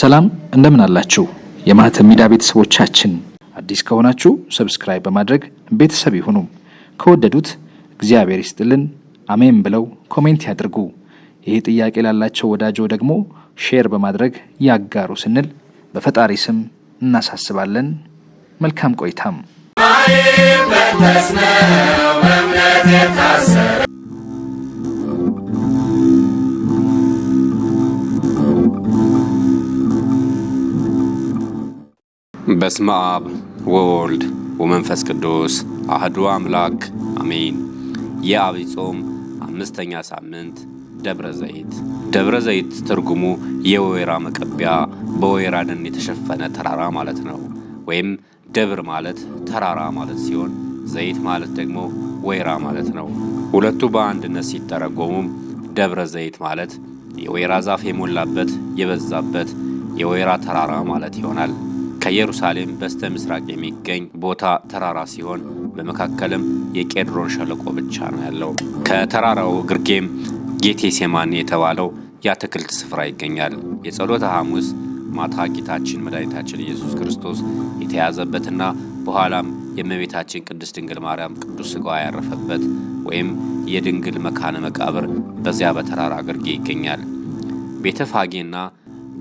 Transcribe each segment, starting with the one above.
ሰላም እንደምን አላችሁ? የማህተብ ሚዲያ ቤተሰቦቻችን አዲስ ከሆናችሁ ሰብስክራይብ በማድረግ ቤተሰብ ይሁኑ። ከወደዱት እግዚአብሔር ይስጥልን አሜን ብለው ኮሜንት ያድርጉ። ይህ ጥያቄ ላላቸው ወዳጆ ደግሞ ሼር በማድረግ ያጋሩ ስንል በፈጣሪ ስም እናሳስባለን። መልካም ቆይታም በስመ አብ ወወልድ ወመንፈስ ቅዱስ አህዱ አምላክ አሜን። የዐቢይ ጾም አምስተኛ ሳምንት ደብረ ዘይት። ደብረ ዘይት ትርጉሙ የወይራ መቀቢያ፣ በወይራ ደን የተሸፈነ ተራራ ማለት ነው። ወይም ደብር ማለት ተራራ ማለት ሲሆን ዘይት ማለት ደግሞ ወይራ ማለት ነው። ሁለቱ በአንድነት ሲተረጎሙም ደብረ ዘይት ማለት የወይራ ዛፍ የሞላበት የበዛበት የወይራ ተራራ ማለት ይሆናል። ከኢየሩሳሌም በስተ ምስራቅ የሚገኝ ቦታ ተራራ ሲሆን በመካከልም የቄድሮን ሸለቆ ብቻ ነው ያለው። ከተራራው ግርጌም ሴማን የተባለው የአትክልት ስፍራ ይገኛል። የጸሎተ ሐሙስ ማታ ጌታችን መድኃኒታችን ኢየሱስ ክርስቶስ የተያዘበትና በኋላም የእመቤታችን ቅድስት ድንግል ማርያም ቅዱስ ሥጋዋ ያረፈበት ወይም የድንግል መካነ መቃብር በዚያ በተራራ ግርጌ ይገኛል። ቤተፋጌና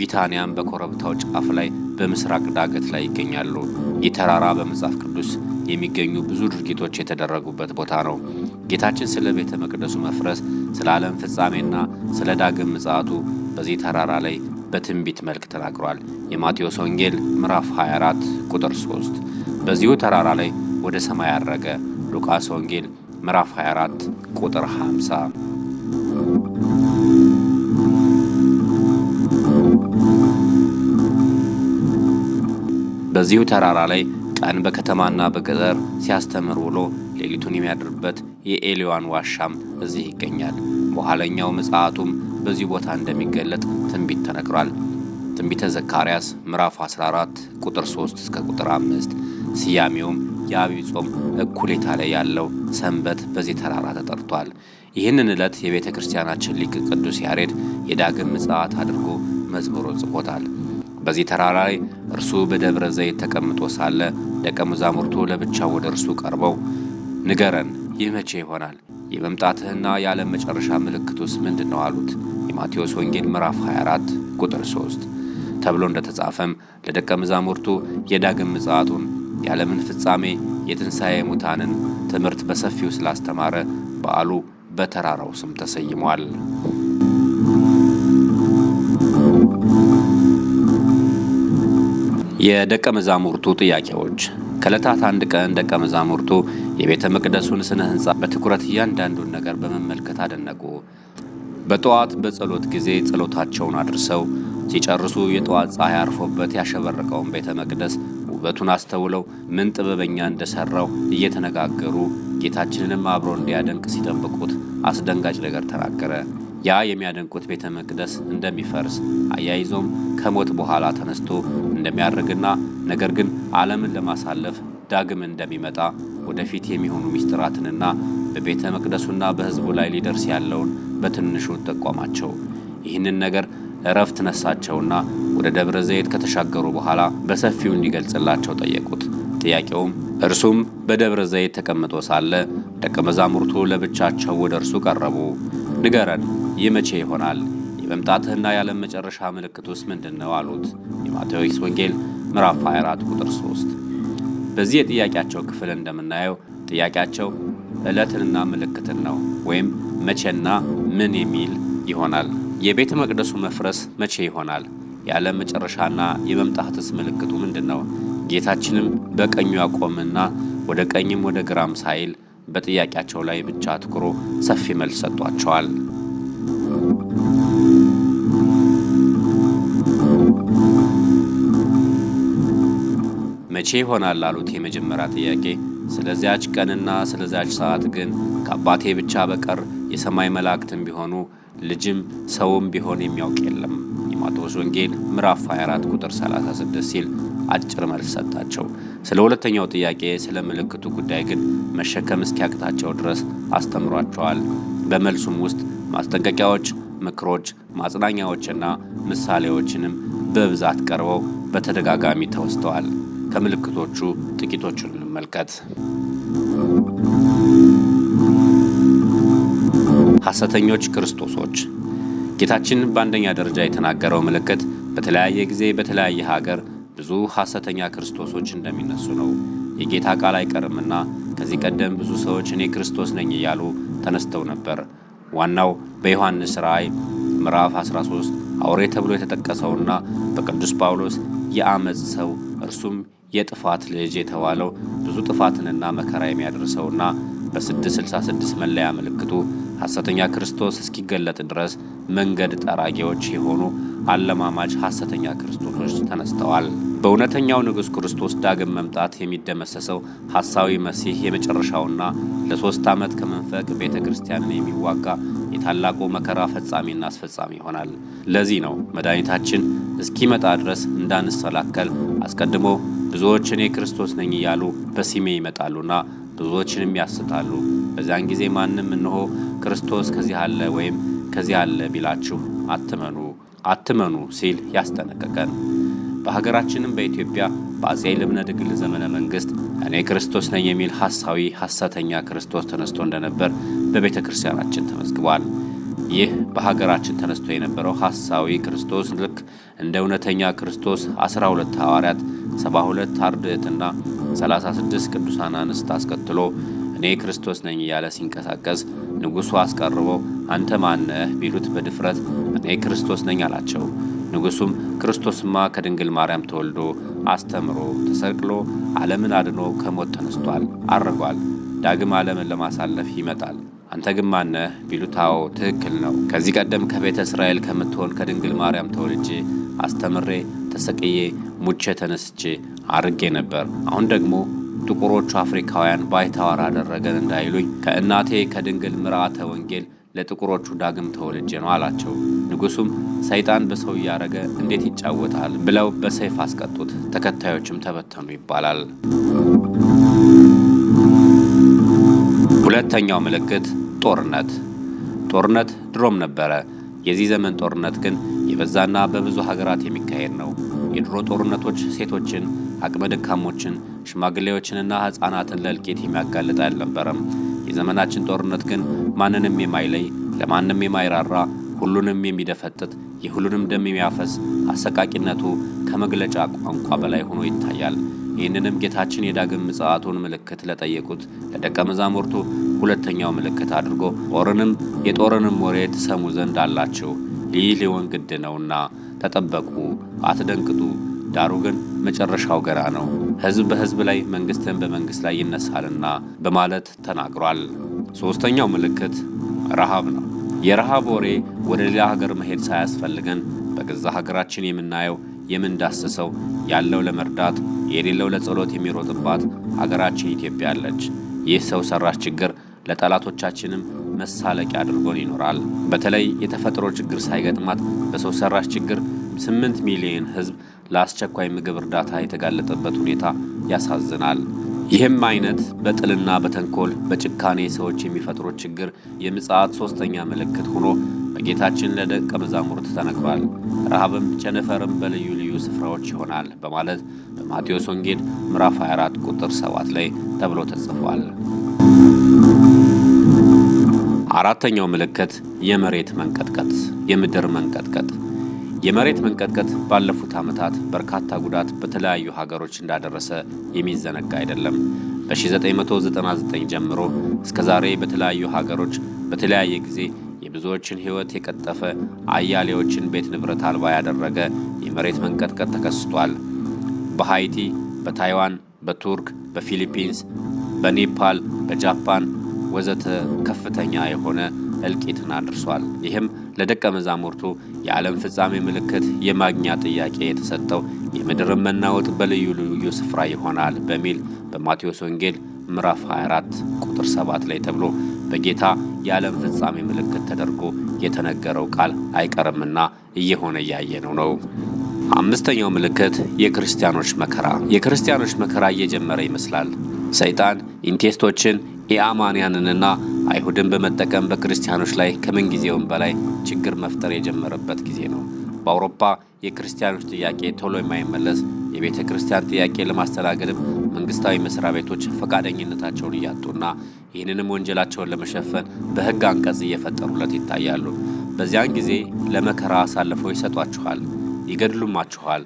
ቢታንያም በኮረብታው ጫፍ ላይ በምስራቅ ዳገት ላይ ይገኛሉ። ይህ ተራራ በመጽሐፍ ቅዱስ የሚገኙ ብዙ ድርጊቶች የተደረጉበት ቦታ ነው። ጌታችን ስለ ቤተ መቅደሱ መፍረስ፣ ስለ ዓለም ፍጻሜና ስለ ዳግም ምጽአቱ በዚህ ተራራ ላይ በትንቢት መልክ ተናግሯል። የማቴዎስ ወንጌል ምዕራፍ 24 ቁጥር 3 በዚሁ ተራራ ላይ ወደ ሰማይ አረገ። ሉቃስ ወንጌል ምዕራፍ 24 ቁጥር 50 በዚሁ ተራራ ላይ ቀን በከተማና በገጠር ሲያስተምር ውሎ ሌሊቱን የሚያድርበት የኤሊዋን ዋሻም እዚህ ይገኛል። በኋለኛው ምጽአቱም በዚህ ቦታ እንደሚገለጥ ትንቢት ተነግሯል። ትንቢተ ዘካርያስ ምዕራፍ 14 ቁጥር 3 እስከ ቁጥር 5። ስያሜውም የአብይ ጾም እኩሌታ ላይ ያለው ሰንበት በዚህ ተራራ ተጠርቷል። ይህንን ዕለት የቤተ ክርስቲያናችን ሊቅ ቅዱስ ያሬድ የዳግም ምጽአት አድርጎ መዝሙሮ ጽፎታል። በዚህ ተራራ ላይ እርሱ በደብረ ዘይት ተቀምጦ ሳለ ደቀ መዛሙርቱ ለብቻው ወደ እርሱ ቀርበው ንገረን፣ ይህ መቼ ይሆናል? የመምጣትህና የዓለም መጨረሻ ምልክቱስ ምንድን ነው አሉት። የማቴዎስ ወንጌል ምዕራፍ 24 ቁጥር 3 ተብሎ እንደተጻፈም ለደቀ መዛሙርቱ የዳግም ምጽአቱን የዓለምን ፍጻሜ የትንሣኤ ሙታንን ትምህርት በሰፊው ስላስተማረ በዓሉ በተራራው ስም ተሰይሟል። የደቀ መዛሙርቱ ጥያቄዎች። ከዕለታት አንድ ቀን ደቀ መዛሙርቱ የቤተ መቅደሱን ስነ ህንፃ በትኩረት እያንዳንዱን ነገር በመመልከት አደነቁ። በጠዋት በጸሎት ጊዜ ጸሎታቸውን አድርሰው ሲጨርሱ የጠዋት ፀሐይ አርፎበት ያሸበረቀውን ቤተ መቅደስ ውበቱን አስተውለው ምን ጥበበኛ እንደሰራው እየተነጋገሩ ጌታችንንም አብሮ እንዲያደንቅ ሲጠብቁት አስደንጋጭ ነገር ተናገረ። ያ የሚያደንቁት ቤተ መቅደስ እንደሚፈርስ አያይዞም ከሞት በኋላ ተነስቶ እንደሚያደርግና ነገር ግን ዓለምን ለማሳለፍ ዳግም እንደሚመጣ ወደፊት የሚሆኑ ምስጢራትንና በቤተ መቅደሱና በሕዝቡ ላይ ሊደርስ ያለውን በትንሹ ጠቋማቸው። ይህንን ነገር እረፍት ነሳቸውና ወደ ደብረ ዘይት ከተሻገሩ በኋላ በሰፊው እንዲገልጽላቸው ጠየቁት። ጥያቄውም እርሱም በደብረ ዘይት ተቀምጦ ሳለ ደቀ መዛሙርቱ ለብቻቸው ወደ እርሱ ቀረቡ። ንገረን፣ ይህ መቼ ይሆናል? የመምጣትህና የዓለም መጨረሻ ምልክት ውስጥ ምንድን ነው አሉት። የማቴዎስ ወንጌል ምዕራፍ 24 ቁጥር 3። በዚህ የጥያቄያቸው ክፍል እንደምናየው ጥያቄያቸው ዕለትንና ምልክትን ነው ወይም መቼና ምን የሚል ይሆናል። የቤተ መቅደሱ መፍረስ መቼ ይሆናል? የዓለም መጨረሻና የመምጣትስ ምልክቱ ምንድን ነው? ጌታችንም በቀኙ ያቆምና ወደ ቀኝም ወደ ግራም ሳይል በጥያቄያቸው ላይ ብቻ አትኩሮ ሰፊ መልስ ሰጥቷቸዋል። መቼ ይሆናል ላሉት የመጀመሪያ ጥያቄ ስለዚያች ቀንና ስለዚያች ሰዓት ግን ከአባቴ ብቻ በቀር የሰማይ መላእክትም ቢሆኑ ልጅም ሰውም ቢሆን የሚያውቅ የለም። የማቴዎስ ወንጌል ምዕራፍ 24 ቁጥር 36 ሲል አጭር መልስ ሰጣቸው። ስለ ሁለተኛው ጥያቄ ስለ ምልክቱ ጉዳይ ግን መሸከም እስኪያቅታቸው ድረስ አስተምሯቸዋል። በመልሱም ውስጥ ማስጠንቀቂያዎች፣ ምክሮች፣ ማጽናኛዎችና ምሳሌዎችንም በብዛት ቀርበው በተደጋጋሚ ተወስተዋል። ከምልክቶቹ ጥቂቶቹን እንመልከት። ሐሰተኞች ክርስቶሶች ጌታችን በአንደኛ ደረጃ የተናገረው ምልክት በተለያየ ጊዜ በተለያየ ሀገር ብዙ ሐሰተኛ ክርስቶሶች እንደሚነሱ ነው። የጌታ ቃል አይቀርምና ከዚህ ቀደም ብዙ ሰዎች እኔ ክርስቶስ ነኝ እያሉ ተነስተው ነበር። ዋናው በዮሐንስ ራእይ ምዕራፍ 13 አውሬ ተብሎ የተጠቀሰውና በቅዱስ ጳውሎስ የአመፅ ሰው እርሱም የጥፋት ልጅ የተባለው ብዙ ጥፋትንና መከራ የሚያደርሰውና በ666 መለያ ምልክቱ ሐሰተኛ ክርስቶስ እስኪገለጥ ድረስ መንገድ ጠራጊዎች የሆኑ አለማማጅ ሐሰተኛ ክርስቶሶች ተነስተዋል። በእውነተኛው ንጉሥ ክርስቶስ ዳግም መምጣት የሚደመሰሰው ሐሳዊ መሲህ የመጨረሻውና ለሦስት ዓመት ከመንፈቅ ቤተ ክርስቲያንን የሚዋጋ የታላቁ መከራ ፈጻሚና አስፈጻሚ ይሆናል። ለዚህ ነው መድኃኒታችን እስኪመጣ ድረስ እንዳንሰላከል አስቀድሞ ብዙዎች እኔ ክርስቶስ ነኝ እያሉ በስሜ ይመጣሉና ብዙዎችንም ያስታሉ። በዚያን ጊዜ ማንም እንሆ ክርስቶስ ከዚህ አለ ወይም ከዚህ አለ ቢላችሁ አትመኑ አትመኑ ሲል ያስጠነቀቀ ነው። በሀገራችንም በኢትዮጵያ በአጼ ልብነ ድንግል ዘመነ መንግስት እኔ ክርስቶስ ነኝ የሚል ሐሳዊ ሐሰተኛ ክርስቶስ ተነስቶ እንደነበር በቤተ ክርስቲያናችን ተመዝግቧል። ይህ በሀገራችን ተነስቶ የነበረው ሐሳዊ ክርስቶስ ልክ እንደ እውነተኛ ክርስቶስ 12 ሐዋርያት፣ 72 አርድእትና 36 ቅዱሳን አንስት አስከትሎ እኔ ክርስቶስ ነኝ እያለ ሲንቀሳቀስ ንጉሡ አስቀርቦ አንተ ማነህ ቢሉት በድፍረት እኔ ክርስቶስ ነኝ አላቸው። ንጉሡም ክርስቶስማ ከድንግል ማርያም ተወልዶ አስተምሮ ተሰቅሎ ዓለምን አድኖ ከሞት ተነስቷል፣ አርጓል፣ ዳግም ዓለምን ለማሳለፍ ይመጣል። አንተ ግን ማነህ ቢሉት አዎ ትክክል ነው። ከዚህ ቀደም ከቤተ እስራኤል ከምትሆን ከድንግል ማርያም ተወልጄ አስተምሬ ተሰቅዬ ሙቼ ተነስቼ አርጌ ነበር። አሁን ደግሞ ጥቁሮቹ አፍሪካውያን ባይታዋር አደረገን እንዳይሉኝ ከእናቴ ከድንግል ምርዓተ ወንጌል ለጥቁሮቹ ዳግም ተወልጄ ነው አላቸው። ንጉሱም ሰይጣን በሰው እያረገ እንዴት ይጫወታል ብለው በሰይፍ አስቀጡት። ተከታዮችም ተበተኑ ይባላል። ሁለተኛው ምልክት ጦርነት። ጦርነት ድሮም ነበረ። የዚህ ዘመን ጦርነት ግን የበዛና በብዙ ሀገራት የሚካሄድ ነው። የድሮ ጦርነቶች ሴቶችን፣ አቅመ ደካሞችን ሽማግሌዎችንና ሕፃናትን ለእልቂት የሚያጋልጥ አልነበረም። የዘመናችን ጦርነት ግን ማንንም የማይለይ ለማንም የማይራራ ሁሉንም የሚደፈጥጥ የሁሉንም ደም የሚያፈስ አሰቃቂነቱ ከመግለጫ ቋንቋ በላይ ሆኖ ይታያል። ይህንንም ጌታችን የዳግም ምጽአቱን ምልክት ለጠየቁት ለደቀ መዛሙርቱ ሁለተኛው ምልክት አድርጎ ጦርንም የጦርንም ወሬ ትሰሙ ዘንድ አላችሁ፣ ይህ ሊሆን ግድ ነውና ተጠበቁ፣ አትደንግጡ ዳሩ ግን መጨረሻው ገራ ነው፣ ህዝብ በህዝብ ላይ መንግስትን በመንግስት ላይ ይነሳልና በማለት ተናግሯል። ሦስተኛው ምልክት ረሃብ ነው። የረሃብ ወሬ ወደ ሌላ ሀገር መሄድ ሳያስፈልገን በገዛ ሀገራችን የምናየው የምንዳስሰው ያለው ለመርዳት የሌለው ለጸሎት የሚሮጥባት ሀገራችን ኢትዮጵያ አለች። ይህ ሰው ሰራሽ ችግር ለጠላቶቻችንም መሳለቂያ አድርጎን ይኖራል። በተለይ የተፈጥሮ ችግር ሳይገጥማት በሰው ሰራሽ ችግር 8 ሚሊዮን ህዝብ ለአስቸኳይ ምግብ እርዳታ የተጋለጠበት ሁኔታ ያሳዝናል። ይህም አይነት በጥልና በተንኮል በጭካኔ ሰዎች የሚፈጥሩት ችግር የምጽአት ሦስተኛ ምልክት ሆኖ በጌታችን ለደቀ መዛሙርት ተነግሯል። ረሃብም ቸነፈርም በልዩ ልዩ ስፍራዎች ይሆናል በማለት በማቴዎስ ወንጌል ምዕራፍ 24 ቁጥር 7 ላይ ተብሎ ተጽፏል። አራተኛው ምልክት የመሬት መንቀጥቀጥ፣ የምድር መንቀጥቀጥ የመሬት መንቀጥቀጥ ባለፉት ዓመታት በርካታ ጉዳት በተለያዩ ሀገሮች እንዳደረሰ የሚዘነጋ አይደለም። በ1999 ጀምሮ እስከ ዛሬ በተለያዩ ሀገሮች በተለያየ ጊዜ የብዙዎችን ሕይወት የቀጠፈ አያሌዎችን ቤት ንብረት አልባ ያደረገ የመሬት መንቀጥቀጥ ተከስቷል። በሃይቲ፣ በታይዋን፣ በቱርክ፣ በፊሊፒንስ፣ በኔፓል፣ በጃፓን ወዘተ ከፍተኛ የሆነ እልቂትን አድርሷል። ይህም ለደቀ መዛሙርቱ የዓለም ፍጻሜ ምልክት የማግኛ ጥያቄ የተሰጠው የምድርን መናወጥ በልዩ ልዩ ስፍራ ይሆናል በሚል በማቴዎስ ወንጌል ምዕራፍ 24 ቁጥር 7 ላይ ተብሎ በጌታ የዓለም ፍጻሜ ምልክት ተደርጎ የተነገረው ቃል አይቀርምና እየሆነ እያየነው ነው። አምስተኛው ምልክት የክርስቲያኖች መከራ። የክርስቲያኖች መከራ እየጀመረ ይመስላል። ሰይጣን ኢንቴስቶችን ኢአማንያንንና አይሁድን በመጠቀም በክርስቲያኖች ላይ ከምንጊዜውም በላይ ችግር መፍጠር የጀመረበት ጊዜ ነው። በአውሮፓ የክርስቲያኖች ጥያቄ ቶሎ የማይመለስ የቤተ ክርስቲያን ጥያቄ ለማስተናገድም መንግስታዊ መስሪያ ቤቶች ፈቃደኝነታቸውን እያጡና ይህንንም ወንጀላቸውን ለመሸፈን በህግ አንቀጽ እየፈጠሩለት ይታያሉ። በዚያን ጊዜ ለመከራ አሳልፈው ይሰጧችኋል፣ ይገድሉማችኋል፣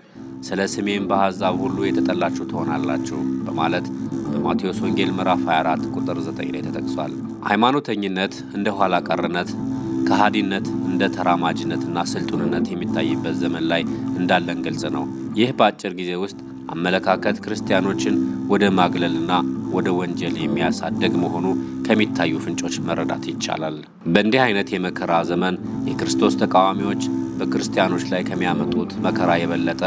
ስለ ስሜም በአሕዛብ ሁሉ የተጠላችሁ ትሆናላችሁ በማለት በማቴዎስ ወንጌል ምዕራፍ 24 ቁጥር 9 ላይ ተጠቅሷል። ሃይማኖተኝነት እንደ ኋላ ቀርነት፣ ከሃዲነት እንደ ተራማጅነትና ስልጡንነት የሚታይበት ዘመን ላይ እንዳለን ግልጽ ነው። ይህ በአጭር ጊዜ ውስጥ አመለካከት ክርስቲያኖችን ወደ ማግለልና ወደ ወንጀል የሚያሳደግ መሆኑ ከሚታዩ ፍንጮች መረዳት ይቻላል። በእንዲህ አይነት የመከራ ዘመን የክርስቶስ ተቃዋሚዎች በክርስቲያኖች ላይ ከሚያመጡት መከራ የበለጠ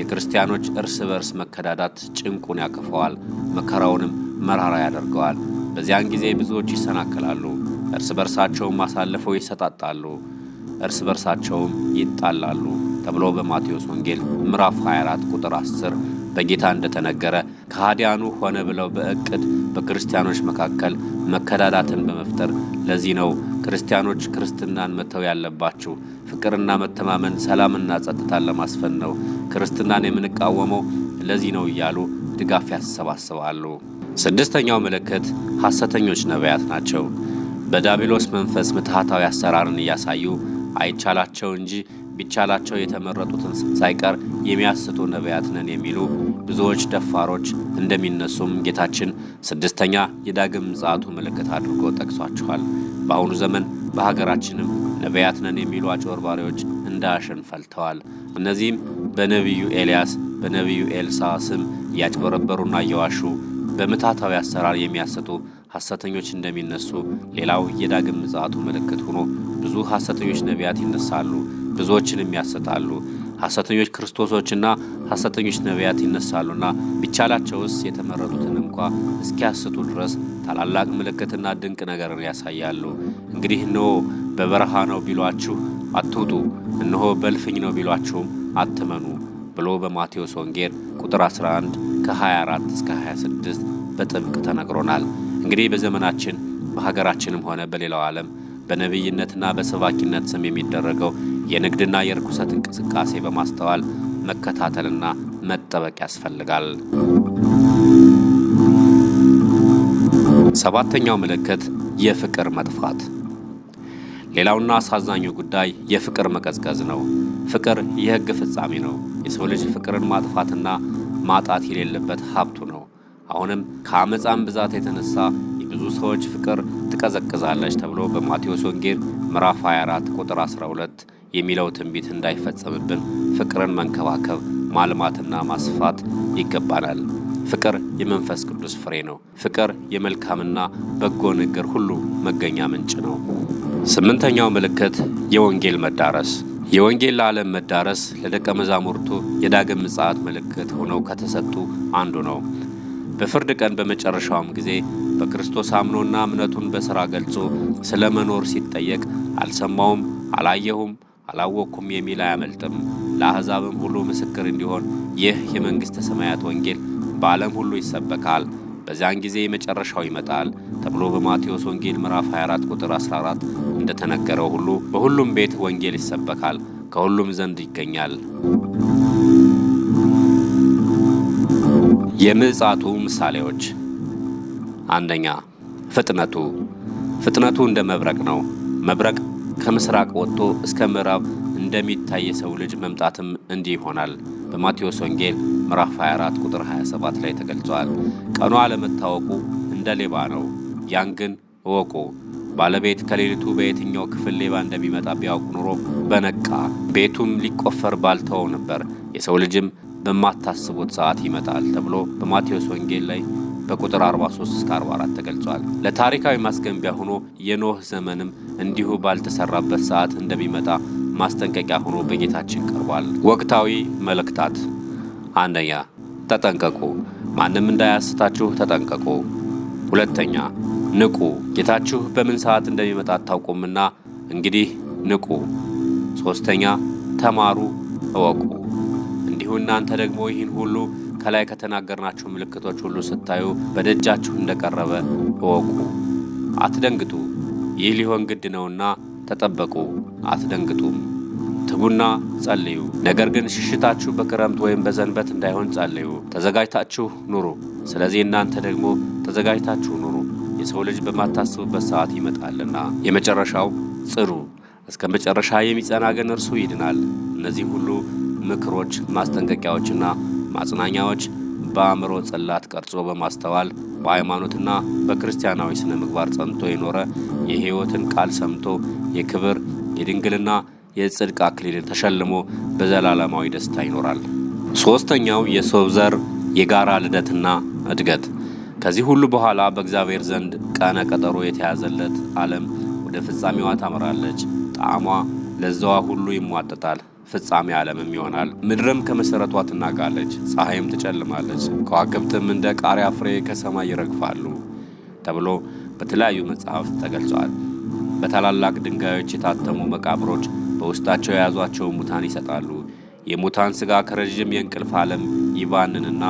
የክርስቲያኖች እርስ በርስ መከዳዳት ጭንቁን ያክፈዋል፣ መከራውንም መራራ ያደርገዋል። በዚያን ጊዜ ብዙዎች ይሰናከላሉ፣ እርስ በርሳቸውም አሳልፈው ይሰጣጣሉ፣ እርስ በርሳቸውም ይጣላሉ ተብሎ በማቴዎስ ወንጌል ምዕራፍ 24 ቁጥር 10 በጌታ እንደተነገረ ከሃዲያኑ ሆነ ብለው በእቅድ በክርስቲያኖች መካከል መከዳዳትን በመፍጠር ለዚህ ነው ክርስቲያኖች ክርስትናን መተው ያለባችሁ ፍቅርና መተማመን፣ ሰላምና ጸጥታን ለማስፈን ነው። ክርስትናን የምንቃወመው ለዚህ ነው እያሉ ድጋፍ ያሰባስባሉ። ስድስተኛው ምልክት ሐሰተኞች ነቢያት ናቸው። በዳቢሎስ መንፈስ ምትሃታዊ አሰራርን እያሳዩ አይቻላቸው እንጂ ቢቻላቸው የተመረጡትን ሳይቀር የሚያስቱ ነቢያት ነን የሚሉ ብዙዎች ደፋሮች እንደሚነሱም ጌታችን ስድስተኛ የዳግም ምጽአቱ ምልክት አድርጎ ጠቅሷቸዋል። በአሁኑ ዘመን በሀገራችንም ነቢያት ነን የሚሉ አጭበርባሪዎች እንደ አሸን ፈልተዋል። እነዚህም በነቢዩ ኤልያስ በነቢዩ ኤልሳ ስም እያጭበረበሩና እየዋሹ በምታታዊ አሰራር የሚያሰጡ ሐሰተኞች እንደሚነሱ ሌላው የዳግም ምጽአቱ ምልክት ሆኖ ብዙ ሐሰተኞች ነቢያት ይነሳሉ፣ ብዙዎችንም ያሰጣሉ። ሐሰተኞች ክርስቶሶችና ሐሰተኞች ነቢያት ይነሳሉና ቢቻላቸውስ የተመረጡትን እንኳ እስኪያስቱ ድረስ ታላላቅ ምልክትና ድንቅ ነገርን ያሳያሉ። እንግዲህ እነሆ በበረሃ ነው ቢሏችሁ አትውጡ፣ እነሆ በልፍኝ ነው ቢሏችሁም አትመኑ ብሎ በማቴዎስ ወንጌል ቁጥር 11 ከ24 እስከ 26 በጥብቅ ተነግሮናል። እንግዲህ በዘመናችን በሀገራችንም ሆነ በሌላው ዓለም በነቢይነትና በሰባኪነት ስም የሚደረገው የንግድና የርኩሰት እንቅስቃሴ በማስተዋል መከታተልና መጠበቅ ያስፈልጋል። ሰባተኛው ምልክት የፍቅር መጥፋት። ሌላውና አሳዛኙ ጉዳይ የፍቅር መቀዝቀዝ ነው። ፍቅር የህግ ፍጻሜ ነው። የሰው ልጅ ፍቅርን ማጥፋትና ማጣት የሌለበት ሀብቱ ነው። አሁንም ከአመፃም ብዛት የተነሳ የብዙ ሰዎች ፍቅር ትቀዘቅዛለች ተብሎ በማቴዎስ ወንጌል ምዕራፍ 24 ቁጥር 12 የሚለው ትንቢት እንዳይፈጸምብን ፍቅርን መንከባከብ ማልማትና ማስፋት ይገባናል። ፍቅር የመንፈስ ቅዱስ ፍሬ ነው። ፍቅር የመልካምና በጎ ነገር ሁሉ መገኛ ምንጭ ነው። ስምንተኛው ምልክት የወንጌል መዳረስ የወንጌል ለዓለም መዳረስ ለደቀ መዛሙርቱ የዳግም ምጽአት ምልክት ሆነው ከተሰጡ አንዱ ነው። በፍርድ ቀን በመጨረሻውም ጊዜ በክርስቶስ አምኖና እምነቱን በሥራ ገልጾ ስለ መኖር ሲጠየቅ አልሰማውም፣ አላየሁም፣ አላወቅኩም የሚል አያመልጥም። ለአሕዛብም ሁሉ ምስክር እንዲሆን ይህ የመንግሥተ ሰማያት ወንጌል በዓለም ሁሉ ይሰበካል፣ በዚያን ጊዜ የመጨረሻው ይመጣል ተብሎ በማቴዎስ ወንጌል ምዕራፍ 24 ቁጥር 14 እንደተነገረው ሁሉ በሁሉም ቤት ወንጌል ይሰበካል፣ ከሁሉም ዘንድ ይገኛል። የምጽአቱ ምሳሌዎች አንደኛ፣ ፍጥነቱ ፍጥነቱ እንደ መብረቅ ነው። መብረቅ ከምስራቅ ወጥቶ እስከ ምዕራብ እንደሚታይ የሰው ልጅ መምጣትም እንዲህ ይሆናል። በማቴዎስ ወንጌል ምዕራፍ 24 ቁጥር 27 ላይ ተገልጿል። ቀኑ አለመታወቁ እንደ ሌባ ነው። ያን ግን እወቁ፣ ባለቤት ከሌሊቱ በየትኛው ክፍል ሌባ እንደሚመጣ ቢያውቅ ኑሮ በነቃ ቤቱም ሊቆፈር ባልተወው ነበር። የሰው ልጅም በማታስቡት ሰዓት ይመጣል ተብሎ በማቴዎስ ወንጌል ላይ በቁጥር 43 እስከ 44 ተገልጿል። ለታሪካዊ ማስገንቢያ ሆኖ የኖህ ዘመንም እንዲሁ ባልተሰራበት ሰዓት እንደሚመጣ ማስጠንቀቂያ ሆኖ በጌታችን ቀርቧል። ወቅታዊ መልእክታት፣ አንደኛ ተጠንቀቁ፣ ማንም እንዳያስታችሁ ተጠንቀቁ። ሁለተኛ ንቁ፣ ጌታችሁ በምን ሰዓት እንደሚመጣ አታውቁምና እንግዲህ ንቁ። ሶስተኛ ተማሩ፣ እወቁ፣ እንዲሁ እናንተ ደግሞ ይህን ሁሉ ከላይ ከተናገርናቸው ምልክቶች ሁሉ ስታዩ በደጃችሁ እንደቀረበ እወቁ። አትደንግጡ፣ ይህ ሊሆን ግድ ነውና ተጠበቁ፣ አትደንግጡም። ትጉና ጸልዩ። ነገር ግን ሽሽታችሁ በክረምት ወይም በዘንበት እንዳይሆን ጸልዩ፣ ተዘጋጅታችሁ ኑሩ። ስለዚህ እናንተ ደግሞ ተዘጋጅታችሁ ኑሩ፣ የሰው ልጅ በማታስቡበት ሰዓት ይመጣልና። የመጨረሻው ጽኑ፣ እስከ መጨረሻ የሚጸና ግን እርሱ ይድናል። እነዚህ ሁሉ ምክሮች፣ ማስጠንቀቂያዎችና ማጽናኛዎች በአእምሮ ጽላት ቀርጾ በማስተዋል በሃይማኖትና በክርስቲያናዊ ስነ ምግባር ጸንቶ የኖረ የሕይወትን ቃል ሰምቶ የክብር የድንግልና የጽድቅ አክሊልን ተሸልሞ በዘላለማዊ ደስታ ይኖራል። ሦስተኛው የሰው ዘር የጋራ ልደትና እድገት። ከዚህ ሁሉ በኋላ በእግዚአብሔር ዘንድ ቀነ ቀጠሮ የተያዘለት ዓለም ወደ ፍጻሜዋ ታምራለች። ጣዕሟ ለዛዋ ሁሉ ይሟጠጣል። ፍጻሜ ዓለምም ይሆናል። ምድርም ከመሠረቷ ትናጋለች፣ ፀሐይም ትጨልማለች፣ ከዋክብትም እንደ ቃሪያ ፍሬ ከሰማይ ይረግፋሉ ተብሎ በተለያዩ መጽሐፍት ተገልጿል። በታላላቅ ድንጋዮች የታተሙ መቃብሮች በውስጣቸው የያዟቸውን ሙታን ይሰጣሉ። የሙታን ሥጋ ከረዥም የእንቅልፍ ዓለም ይባንንና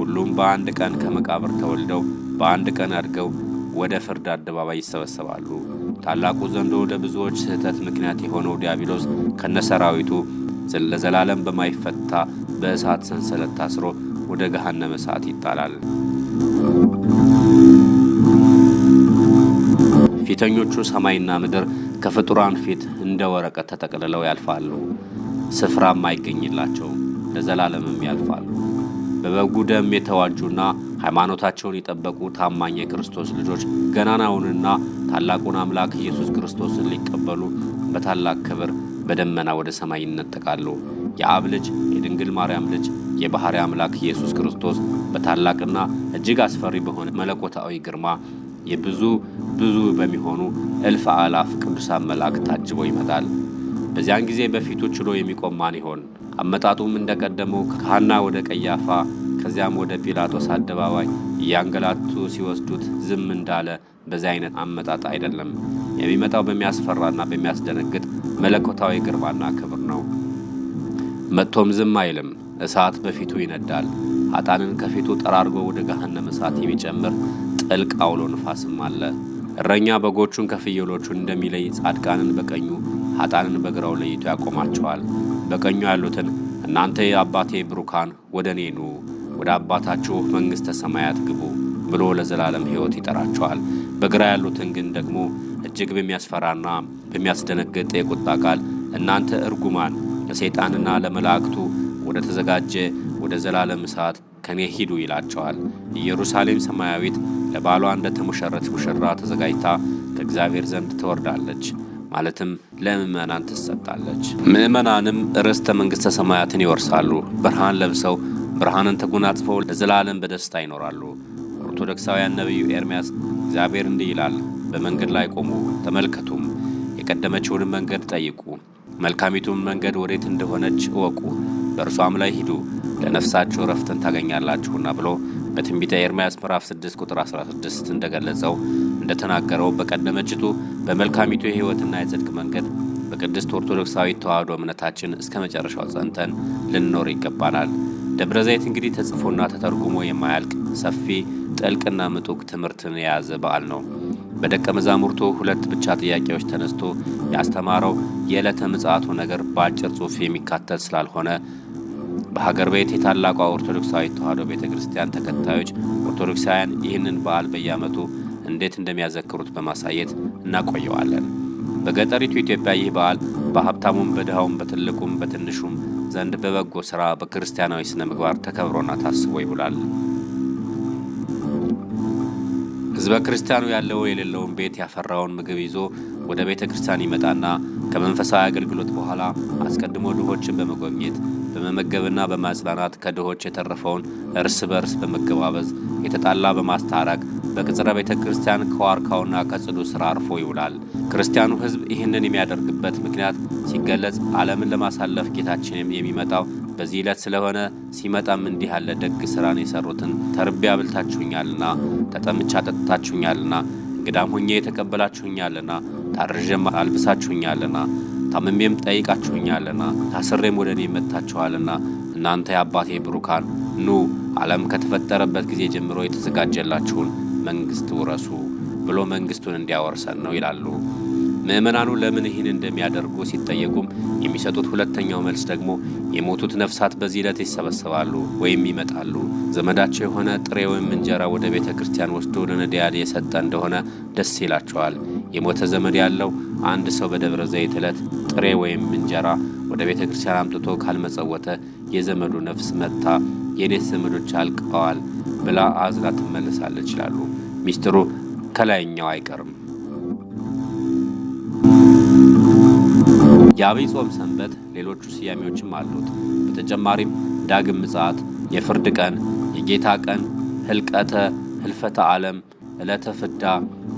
ሁሉም በአንድ ቀን ከመቃብር ተወልደው በአንድ ቀን አድገው ወደ ፍርድ አደባባይ ይሰበሰባሉ። ታላቁ ዘንዶ ለብዙዎች ስህተት ምክንያት የሆነው ዲያብሎስ ከነሰራዊቱ ለዘላለም በማይፈታ በእሳት ሰንሰለት ታስሮ ወደ ገሃነመ እሳት ይጣላል። ፊተኞቹ ሰማይና ምድር ከፍጡራን ፊት እንደ ወረቀት ተጠቅልለው ያልፋሉ። ስፍራም አይገኝላቸውም፣ ለዘላለምም ያልፋሉ። በበጉ ደም የተዋጁና ሃይማኖታቸውን የጠበቁ ታማኝ የክርስቶስ ልጆች ገናናውንና ታላቁን አምላክ ኢየሱስ ክርስቶስን ሊቀበሉ በታላቅ ክብር በደመና ወደ ሰማይ ይነጠቃሉ። የአብ ልጅ የድንግል ማርያም ልጅ የባሕርይ አምላክ ኢየሱስ ክርስቶስ በታላቅና እጅግ አስፈሪ በሆነ መለኮታዊ ግርማ የብዙ ብዙ በሚሆኑ እልፍ አላፍ ቅዱሳን መላእክት ታጅቦ ይመጣል። በዚያን ጊዜ በፊቱ ችሎ የሚቆም ማን ይሆን? አመጣጡም እንደቀደመው ከሐና ወደ ቀያፋ ከዚያም ወደ ጲላጦስ አደባባይ እያንገላቱ ሲወስዱት ዝም እንዳለ በዚህ አይነት አመጣጥ አይደለም። የሚመጣው በሚያስፈራና በሚያስደነግጥ መለኮታዊ ግርማና ክብር ነው። መጥቶም ዝም አይልም። እሳት በፊቱ ይነዳል። አጣንን ከፊቱ ጠራርጎ ወደ ገሃነመ እሳት የሚጨምር ጥልቅ አውሎ ንፋስም አለ። እረኛ በጎቹን ከፍየሎቹን እንደሚለይ ጻድቃንን በቀኙ ሀጣንን በግራው ለይቶ ያቆማቸዋል። በቀኙ ያሉትን እናንተ የአባቴ ብሩካን ወደ እኔ ኑ ወደ አባታችሁ መንግሥተ ሰማያት ግቡ ብሎ ለዘላለም ሕይወት ይጠራቸዋል። በግራ ያሉትን ግን ደግሞ እጅግ በሚያስፈራና በሚያስደነግጥ የቁጣ ቃል እናንተ እርጉማን ለሰይጣንና ለመላእክቱ ወደ ተዘጋጀ ወደ ዘላለም እሳት ከኔ ሂዱ ይላቸዋል። ኢየሩሳሌም ሰማያዊት ለባሏ እንደ ተሞሸረች ሙሽራ ተዘጋጅታ ከእግዚአብሔር ዘንድ ትወርዳለች፣ ማለትም ለምእመናን ትሰጣለች። ምእመናንም ርስተ መንግሥተ ሰማያትን ይወርሳሉ። ብርሃን ለብሰው ብርሃንን ተጎናጽፈው ለዘላለም በደስታ ይኖራሉ። ኦርቶዶክሳውያን ነቢዩ ኤርምያስ እግዚአብሔር እንዲህ ይላል፣ በመንገድ ላይ ቆሙ ተመልከቱም፣ የቀደመችውንም መንገድ ጠይቁ፣ መልካሚቱን መንገድ ወዴት እንደሆነች እወቁ፣ በእርሷም ላይ ሂዱ፣ ለነፍሳችሁ ረፍትን ታገኛላችሁና ብሎ በትንቢተ ኤርምያስ ምዕራፍ 6 ቁጥር 16 እንደገለጸው እንደተናገረው በቀደመችቱ በመልካሚቱ የሕይወትና የጽድቅ መንገድ በቅድስት ኦርቶዶክሳዊ ተዋህዶ እምነታችን እስከ መጨረሻው ጸንተን ልንኖር ይገባናል። ደብረ ዘይት እንግዲህ ተጽፎና ተተርጉሞ የማያልቅ ሰፊ ጥልቅና ምጡቅ ትምህርትን የያዘ በዓል ነው። በደቀ መዛሙርቱ ሁለት ብቻ ጥያቄዎች ተነስቶ ያስተማረው የዕለተ ምጽአቱ ነገር በአጭር ጽሑፍ የሚካተት ስላልሆነ በሀገር ቤት የታላቋ ኦርቶዶክሳዊ ተዋሕዶ ቤተ ክርስቲያን ተከታዮች ኦርቶዶክሳውያን ይህንን በዓል በየዓመቱ እንዴት እንደሚያዘክሩት በማሳየት እናቆየዋለን። በገጠሪቱ ኢትዮጵያ ይህ በዓል በሀብታሙም በድሃውም በትልቁም በትንሹም ዘንድ በበጎ ሥራ በክርስቲያናዊ ስነ ምግባር ተከብሮና ታስቦ ይውላል። ሕዝበ ክርስቲያኑ ያለው የሌለውን ቤት ያፈራውን ምግብ ይዞ ወደ ቤተ ክርስቲያን ይመጣና ከመንፈሳዊ አገልግሎት በኋላ አስቀድሞ ድሆችን በመጎብኘት በመመገብና በማጽናናት ከድሆች የተረፈውን እርስ በርስ በመገባበዝ የተጣላ በማስታረቅ በቅጽረ ቤተ ክርስቲያን ከዋርካውና ከጽዱ ስራ አርፎ ይውላል። ክርስቲያኑ ሕዝብ ይህንን የሚያደርግበት ምክንያት ሲገለጽ ዓለምን ለማሳለፍ ጌታችንም የሚመጣው በዚህ ዕለት ስለሆነ ሲመጣም እንዲህ ያለ ደግ ስራን የሰሩትን ተርቤ አብልታችሁኛልና፣ ተጠምቻ ጠጥታችሁኛልና፣ እንግዳም ሁኜ የተቀበላችሁኛልና፣ ታርዤም አልብሳችሁኛልና ታምሜም ጠይቃችሁኛልና ታስሬም ወደ እኔ መጥታችኋልና እናንተ የአባቴ ብሩካን ኑ ዓለም ከተፈጠረበት ጊዜ ጀምሮ የተዘጋጀላችሁን መንግሥት ውረሱ ብሎ መንግሥቱን እንዲያወርሰን ነው ይላሉ። ምእመናኑ ለምን ይህን እንደሚያደርጉ ሲጠየቁም የሚሰጡት ሁለተኛው መልስ ደግሞ የሞቱት ነፍሳት በዚህ ዕለት ይሰበሰባሉ ወይም ይመጣሉ። ዘመዳቸው የሆነ ጥሬ ወይም እንጀራ ወደ ቤተ ክርስቲያን ወስዶ ለነዳያን የሰጠ እንደሆነ ደስ ይላቸዋል። የሞተ ዘመድ ያለው አንድ ሰው በደብረ ዘይት ዕለት ጥሬ ወይም እንጀራ ወደ ቤተ ክርስቲያን አምጥቶ ካልመጸወተ የዘመዱ ነፍስ መጥታ የኔት ዘመዶች አልቀዋል ብላ አዝላ ትመለሳለች ይላሉ። ሚስጢሩ ከላይኛው አይቀርም። የአብይ ጾም ሰንበት ሌሎቹ ስያሜዎችም አሉት። በተጨማሪም ዳግም ምጽአት፣ የፍርድ ቀን፣ የጌታ ቀን፣ ህልቀተ ህልፈተ ዓለም፣ ዕለተ ፍዳ፣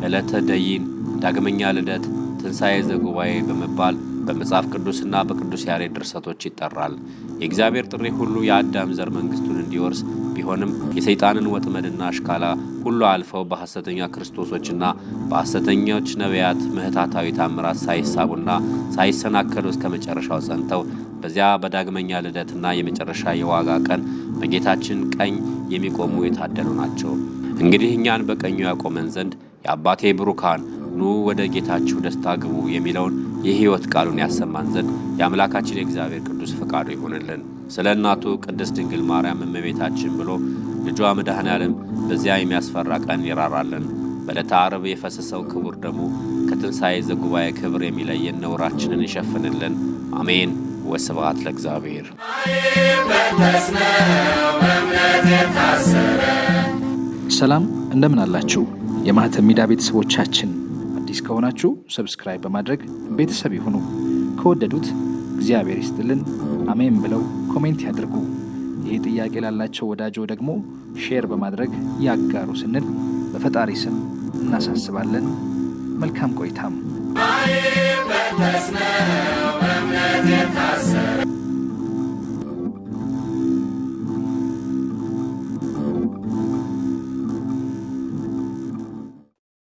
ዕለተ ደይን ዳግመኛ ልደት፣ ትንሣኤ ዘጉባኤ በመባል በመጽሐፍ ቅዱስና በቅዱስ ያሬድ ድርሰቶች ይጠራል። የእግዚአብሔር ጥሪ ሁሉ የአዳም ዘር መንግስቱን እንዲወርስ ቢሆንም የሰይጣንን ወጥመድና አሽካላ ሁሉ አልፈው በሐሰተኛ ክርስቶሶችና በሐሰተኛዎች ነቢያት ምህታታዊ ታምራት ሳይሳቡና ሳይሰናከሉ እስከ መጨረሻው ጸንተው በዚያ በዳግመኛ ልደትና የመጨረሻ የዋጋ ቀን በጌታችን ቀኝ የሚቆሙ የታደሉ ናቸው። እንግዲህ እኛን በቀኙ ያቆመን ዘንድ የአባቴ ብሩካን ኑ ወደ ጌታችሁ ደስታ ግቡ የሚለውን የሕይወት ቃሉን ያሰማን ዘንድ የአምላካችን የእግዚአብሔር ቅዱስ ፈቃዱ ይሆንልን። ስለ እናቱ ቅድስት ድንግል ማርያም እመቤታችን ብሎ ልጇ መድኃኔ ዓለም በዚያ የሚያስፈራ ቀን ይራራልን። በዕለተ ዓርብ የፈሰሰው ክቡር ደሙ ከትንሣኤ ዘጉባኤ ክብር የሚለየን ነውራችንን ይሸፍንልን። አሜን። ወስብሐት ለእግዚአብሔር። ሰላም እንደምን አላችሁ? የማኅተብ ሚዲያ ቤተሰቦቻችን አዲስ ከሆናችሁ ሰብስክራይብ በማድረግ ቤተሰብ ይሁኑ። ከወደዱት እግዚአብሔር ይስጥልን አሜን ብለው ኮሜንት ያድርጉ። ይህ ጥያቄ ላላቸው ወዳጆ ደግሞ ሼር በማድረግ ያጋሩ ስንል በፈጣሪ ስም እናሳስባለን። መልካም ቆይታም